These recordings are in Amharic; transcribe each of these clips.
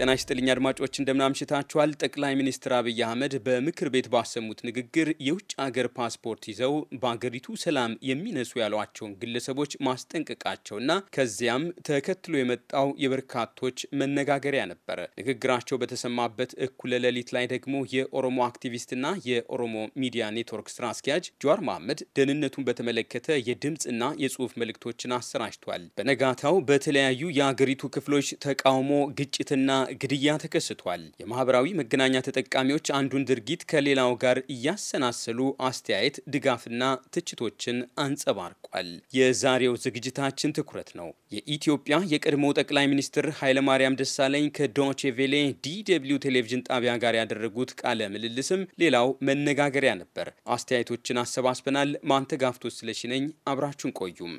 ጤና ይስጥልኝ አድማጮች፣ እንደምናምሽታችኋል። ጠቅላይ ሚኒስትር አብይ አህመድ በምክር ቤት ባሰሙት ንግግር የውጭ አገር ፓስፖርት ይዘው በአገሪቱ ሰላም የሚነሱ ያሏቸውን ግለሰቦች ማስጠንቀቃቸውና ከዚያም ተከትሎ የመጣው የበርካቶች መነጋገሪያ ነበር። ንግግራቸው በተሰማበት እኩለ ሌሊት ላይ ደግሞ የኦሮሞ አክቲቪስትና የኦሮሞ ሚዲያ ኔትወርክ ስራ አስኪያጅ ጀዋር መሐመድ ደህንነቱን በተመለከተ የድምፅና የጽሁፍ መልእክቶችን አሰራጭቷል። በነጋታው በተለያዩ የአገሪቱ ክፍሎች ተቃውሞ፣ ግጭትና ግድያ ተከስቷል። የማህበራዊ መገናኛ ተጠቃሚዎች አንዱን ድርጊት ከሌላው ጋር እያሰናሰሉ አስተያየት፣ ድጋፍና ትችቶችን አንጸባርቋል። የዛሬው ዝግጅታችን ትኩረት ነው። የኢትዮጵያ የቀድሞ ጠቅላይ ሚኒስትር ኃይለማርያም ደሳለኝ ከዶቼ ቬሌ ዲደብሊው ቴሌቪዥን ጣቢያ ጋር ያደረጉት ቃለ ምልልስም ሌላው መነጋገሪያ ነበር። አስተያየቶችን አሰባስበናል። ማንተጋፍቶ ስለሽነኝ አብራችሁን ቆዩም።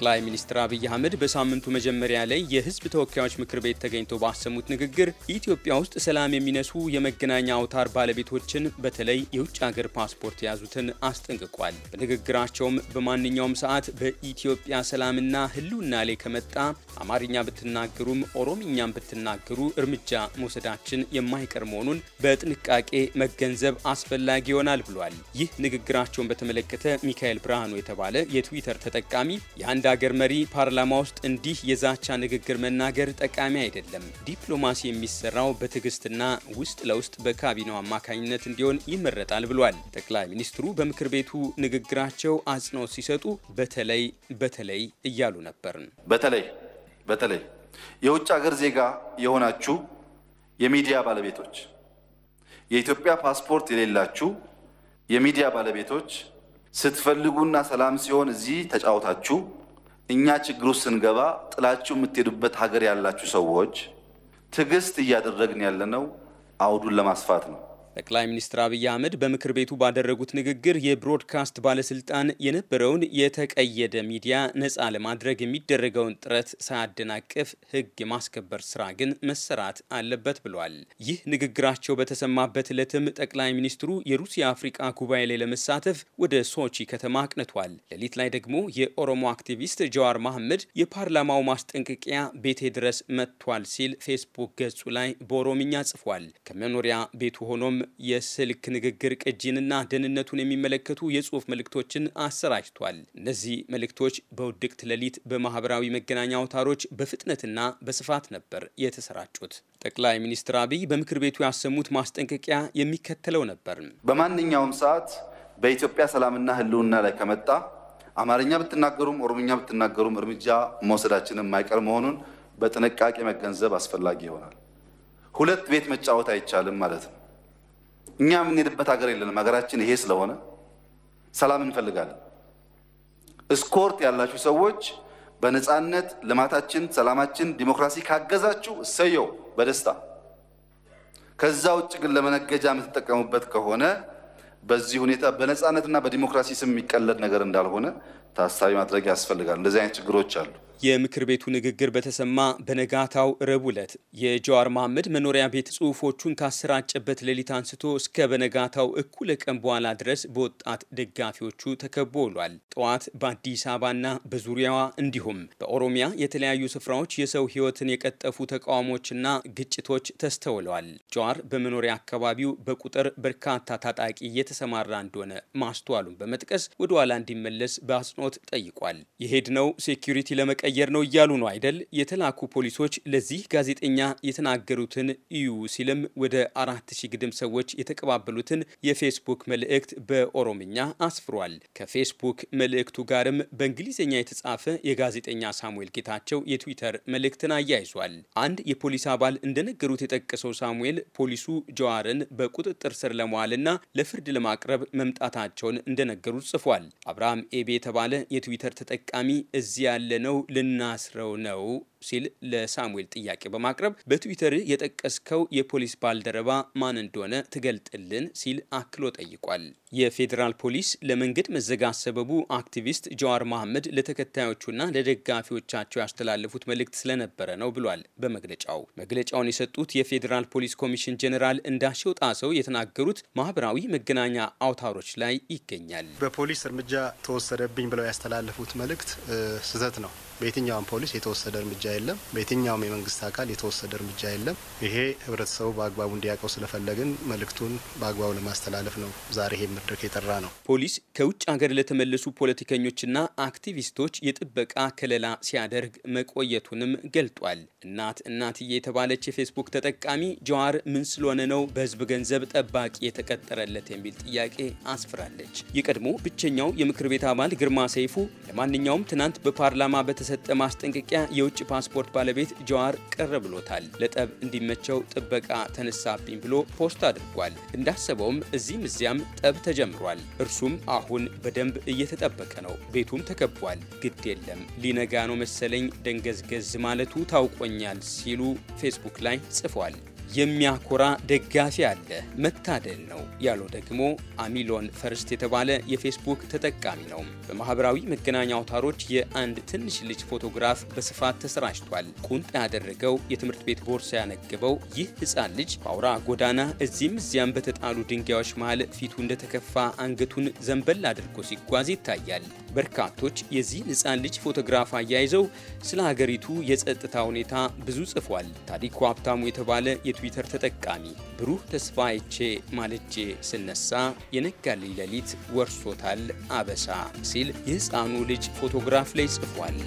ጠቅላይ ሚኒስትር አብይ አህመድ በሳምንቱ መጀመሪያ ላይ የህዝብ ተወካዮች ምክር ቤት ተገኝተው ባሰሙት ንግግር ኢትዮጵያ ውስጥ ሰላም የሚነሱ የመገናኛ አውታር ባለቤቶችን በተለይ የውጭ ሀገር ፓስፖርት የያዙትን አስጠንቅቋል። በንግግራቸውም በማንኛውም ሰዓት በኢትዮጵያ ሰላምና ህልውና ላይ ከመጣ አማርኛ ብትናገሩም ኦሮምኛም ብትናገሩ እርምጃ መውሰዳችን የማይቀር መሆኑን በጥንቃቄ መገንዘብ አስፈላጊ ይሆናል ብሏል። ይህ ንግግራቸውን በተመለከተ ሚካኤል ብርሃኑ የተባለ የትዊተር ተጠቃሚ የአንድ ሀገር መሪ ፓርላማ ውስጥ እንዲህ የዛቻ ንግግር መናገር ጠቃሚ አይደለም። ዲፕሎማሲ የሚሰራው በትዕግስትና ውስጥ ለውስጥ በካቢኔው አማካኝነት እንዲሆን ይመረጣል ብሏል። ጠቅላይ ሚኒስትሩ በምክር ቤቱ ንግግራቸው አጽንኦት ሲሰጡ በተለይ በተለይ እያሉ ነበርን። በተለይ በተለይ የውጭ ሀገር ዜጋ የሆናችሁ የሚዲያ ባለቤቶች፣ የኢትዮጵያ ፓስፖርት የሌላችሁ የሚዲያ ባለቤቶች ስትፈልጉና ሰላም ሲሆን እዚህ ተጫውታችሁ እኛ ችግሩ ስንገባ ጥላችሁ የምትሄዱበት ሀገር ያላችሁ ሰዎች ትዕግስት እያደረግን ያለነው አውዱን ለማስፋት ነው። ጠቅላይ ሚኒስትር አብይ አህመድ በምክር ቤቱ ባደረጉት ንግግር የብሮድካስት ባለስልጣን የነበረውን የተቀየደ ሚዲያ ነፃ ለማድረግ የሚደረገውን ጥረት ሳያደናቅፍ ሕግ የማስከበር ስራ ግን መሰራት አለበት ብሏል። ይህ ንግግራቸው በተሰማበት ዕለትም ጠቅላይ ሚኒስትሩ የሩሲያ አፍሪቃ ጉባኤ ላይ ለመሳተፍ ወደ ሶቺ ከተማ አቅንቷል። ሌሊት ላይ ደግሞ የኦሮሞ አክቲቪስት ጀዋር መሐመድ የፓርላማው ማስጠንቀቂያ ቤቴ ድረስ መጥቷል ሲል ፌስቡክ ገጹ ላይ በኦሮምኛ ጽፏል። ከመኖሪያ ቤቱ ሆኖም የስልክ ንግግር ቅጂንና ደህንነቱን የሚመለከቱ የጽሁፍ መልእክቶችን አሰራጭቷል። እነዚህ መልእክቶች በውድቅት ሌሊት በማህበራዊ መገናኛ አውታሮች በፍጥነትና በስፋት ነበር የተሰራጩት። ጠቅላይ ሚኒስትር አብይ በምክር ቤቱ ያሰሙት ማስጠንቀቂያ የሚከተለው ነበር። በማንኛውም ሰዓት በኢትዮጵያ ሰላምና ህልውና ላይ ከመጣ አማርኛ ብትናገሩም ኦሮምኛ ብትናገሩም እርምጃ መውሰዳችን የማይቀር መሆኑን በጥንቃቄ መገንዘብ አስፈላጊ ይሆናል። ሁለት ቤት መጫወት አይቻልም ማለት ነው። እኛ የምንሄድበት ሀገር የለንም። ሀገራችን ይሄ ስለሆነ ሰላም እንፈልጋለን። እስኮርት ያላችሁ ሰዎች በነፃነት ልማታችን፣ ሰላማችን፣ ዲሞክራሲ ካገዛችሁ እሰየው በደስታ። ከዛ ውጭ ግን ለመነገጃ የምትጠቀሙበት ከሆነ በዚህ ሁኔታ በነፃነትና በዲሞክራሲ ስም የሚቀለድ ነገር እንዳልሆነ ታሳቢ ማድረግ ያስፈልጋል። እንደዚህ አይነት ችግሮች አሉ። የምክር ቤቱ ንግግር በተሰማ በነጋታው ረቡዕ ዕለት የጀዋር መሐመድ መኖሪያ ቤት ጽሁፎቹን ካሰራጨበት ሌሊት አንስቶ እስከ በነጋታው እኩለ ቀን በኋላ ድረስ በወጣት ደጋፊዎቹ ተከቦ ውሏል። ጠዋት በአዲስ አበባና በዙሪያዋ እንዲሁም በኦሮሚያ የተለያዩ ስፍራዎች የሰው ህይወትን የቀጠፉ ተቃውሞችና ግጭቶች ተስተውለዋል። ጀዋር በመኖሪያ አካባቢው በቁጥር በርካታ ታጣቂ የተሰማራ እንደሆነ ማስተዋሉን በመጥቀስ ወደ ኋላ እንዲመለስ በአጽንኦት ጠይቋል። የሄድነው ሴኪሪቲ ለመቀየር ነው እያሉ ነው አይደል? የተላኩ ፖሊሶች ለዚህ ጋዜጠኛ የተናገሩትን እዩ ሲልም ወደ አራት ሺህ ግድም ሰዎች የተቀባበሉትን የፌስቡክ መልእክት በኦሮምኛ አስፍሯል። ከፌስቡክ መልእክቱ ጋርም በእንግሊዝኛ የተጻፈ የጋዜጠኛ ሳሙኤል ጌታቸው የትዊተር መልእክትን አያይዟል። አንድ የፖሊስ አባል እንደነገሩት የጠቀሰው ሳሙኤል ፖሊሱ ጀዋርን በቁጥጥር ስር ለመዋልና ለፍርድ ለማቅረብ መምጣታቸውን እንደነገሩት ጽፏል። አብርሃም ኤቤ የተባለ የትዊተር ተጠቃሚ እዚህ ያለነው ልናስረው ነው ሲል ለሳሙኤል ጥያቄ በማቅረብ በትዊተር የጠቀስከው የፖሊስ ባልደረባ ማን እንደሆነ ትገልጥልን ሲል አክሎ ጠይቋል። የፌዴራል ፖሊስ ለመንገድ መዘጋት ሰበቡ አክቲቪስት ጀዋር መሐመድ ለተከታዮቹና ለደጋፊዎቻቸው ያስተላለፉት መልእክት ስለነበረ ነው ብሏል በመግለጫው። መግለጫውን የሰጡት የፌዴራል ፖሊስ ኮሚሽን ጀኔራል እንዳሸው ጣሰው የተናገሩት ማህበራዊ መገናኛ አውታሮች ላይ ይገኛል። በፖሊስ እርምጃ ተወሰደብኝ ብለው ያስተላለፉት መልእክት ስህተት ነው። በየትኛውም ፖሊስ የተወሰደ እርምጃ የለም። በየትኛውም የመንግስት አካል የተወሰደ እርምጃ የለም። ይሄ ህብረተሰቡ በአግባቡ እንዲያውቀው ስለፈለግን መልእክቱን በአግባቡ ለማስተላለፍ ነው ዛሬ ይሄ መድረክ የጠራ ነው። ፖሊስ ከውጭ ሀገር ለተመለሱ ፖለቲከኞችና አክቲቪስቶች የጥበቃ ከለላ ሲያደርግ መቆየቱንም ገልጧል። እናት እናትዬ የተባለች የፌስቡክ ተጠቃሚ ጀዋር ምን ስለሆነ ነው በህዝብ ገንዘብ ጠባቂ የተቀጠረለት የሚል ጥያቄ አስፍራለች። የቀድሞ ብቸኛው የምክር ቤት አባል ግርማ ሰይፉ ለማንኛውም ትናንት በፓርላማ በተሰጠ ማስጠንቀቂያ የውጭ የትራንስፖርት ባለቤት ጀዋር ቅር ብሎታል። ለጠብ እንዲመቸው ጥበቃ ተነሳብኝ ብሎ ፖስት አድርጓል። እንዳሰበውም እዚህም እዚያም ጠብ ተጀምሯል። እርሱም አሁን በደንብ እየተጠበቀ ነው። ቤቱም ተከቧል። ግድ የለም ሊነጋ ነው መሰለኝ ደንገዝገዝ ማለቱ ታውቆኛል ሲሉ ፌስቡክ ላይ ጽፏል። የሚያኮራ ደጋፊ አለ፣ መታደል ነው ያለው ደግሞ አሚሎን ፈርስት የተባለ የፌስቡክ ተጠቃሚ ነው። በማህበራዊ መገናኛ አውታሮች የአንድ ትንሽ ልጅ ፎቶግራፍ በስፋት ተሰራጭቷል። ቁንጥ ያደረገው የትምህርት ቤት ቦርሳ ያነገበው ይህ ህፃን ልጅ በአውራ ጎዳና እዚህም እዚያም በተጣሉ ድንጋዮች መሃል ፊቱ እንደተከፋ አንገቱን ዘንበል አድርጎ ሲጓዝ ይታያል። በርካቶች የዚህ ህፃን ልጅ ፎቶግራፍ አያይዘው ስለ ሀገሪቱ የጸጥታ ሁኔታ ብዙ ጽፏል። ታሪኩ ሀብታሙ የተባለ የትዊተር ተጠቃሚ ብሩህ ተስፋ አይቼ ማለቼ ስነሳ የነጋልኝ ሌሊት ወርሶታል አበሳ ሲል የሕፃኑ ልጅ ፎቶግራፍ ላይ ጽፏል።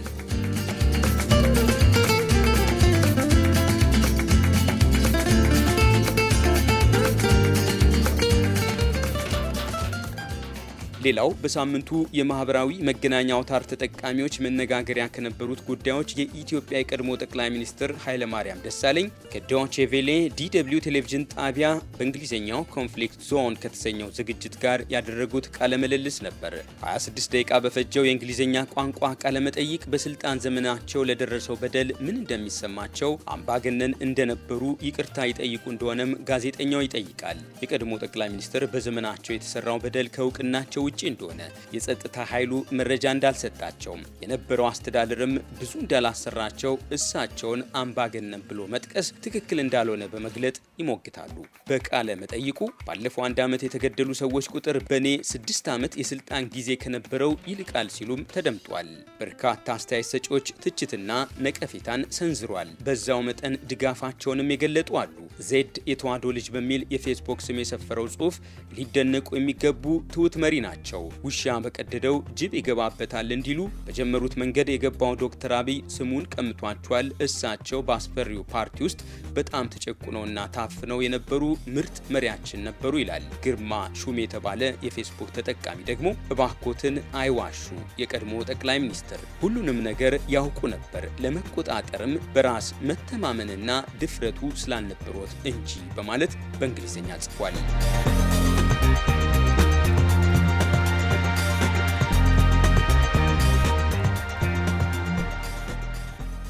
ሌላው በሳምንቱ የማህበራዊ መገናኛ አውታር ተጠቃሚዎች መነጋገሪያ ከነበሩት ጉዳዮች የኢትዮጵያ የቀድሞ ጠቅላይ ሚኒስትር ኃይለማርያም ደሳለኝ ከዶቼ ቬሌ ዲደብልዩ ቴሌቪዥን ጣቢያ በእንግሊዝኛው ኮንፍሊክት ዞን ከተሰኘው ዝግጅት ጋር ያደረጉት ቃለምልልስ ነበር። 26 ደቂቃ በፈጀው የእንግሊዝኛ ቋንቋ ቃለመጠይቅ በስልጣን ዘመናቸው ለደረሰው በደል ምን እንደሚሰማቸው፣ አምባገነን እንደነበሩ ይቅርታ ይጠይቁ እንደሆነም ጋዜጠኛው ይጠይቃል። የቀድሞ ጠቅላይ ሚኒስትር በዘመናቸው የተሰራው በደል ከእውቅናቸው ውጪ እንደሆነ የጸጥታ ኃይሉ መረጃ እንዳልሰጣቸው የነበረው አስተዳደርም ብዙ እንዳላሰራቸው እሳቸውን አምባገነን ብሎ መጥቀስ ትክክል እንዳልሆነ በመግለጥ ይሞግታሉ። በቃለ መጠይቁ ባለፈው አንድ ዓመት የተገደሉ ሰዎች ቁጥር በእኔ ስድስት ዓመት የስልጣን ጊዜ ከነበረው ይልቃል ሲሉም ተደምጧል። በርካታ አስተያየት ሰጪዎች ትችትና ነቀፌታን ሰንዝሯል። በዛው መጠን ድጋፋቸውንም የገለጡ አሉ። ዜድ የተዋህዶ ልጅ በሚል የፌስቡክ ስም የሰፈረው ጽሑፍ ሊደነቁ የሚገቡ ትውት መሪ ናቸው። ውሻ በቀደደው ጅብ ይገባበታል እንዲሉ በጀመሩት መንገድ የገባው ዶክተር አብይ ስሙን ቀምቷቸዋል። እሳቸው በአስፈሪው ፓርቲ ውስጥ በጣም ተጨቁነውና ታፍነው የነበሩ ምርጥ መሪያችን ነበሩ ይላል። ግርማ ሹም የተባለ የፌስቡክ ተጠቃሚ ደግሞ እባኮትን አይዋሹ፣ የቀድሞ ጠቅላይ ሚኒስትር ሁሉንም ነገር ያውቁ ነበር፣ ለመቆጣጠርም በራስ መተማመንና ድፍረቱ ስላልነበሩ አገልግሎት እንጂ በማለት በእንግሊዝኛ ጽፏል።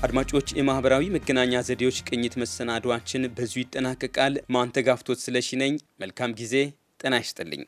አድማጮች፣ የማህበራዊ መገናኛ ዘዴዎች ቅኝት መሰናዷችን በዚሁ ይጠናቀቃል። ማንተጋፍቶት ስለሺ ነኝ። መልካም ጊዜ። ጤና ይስጥልኝ።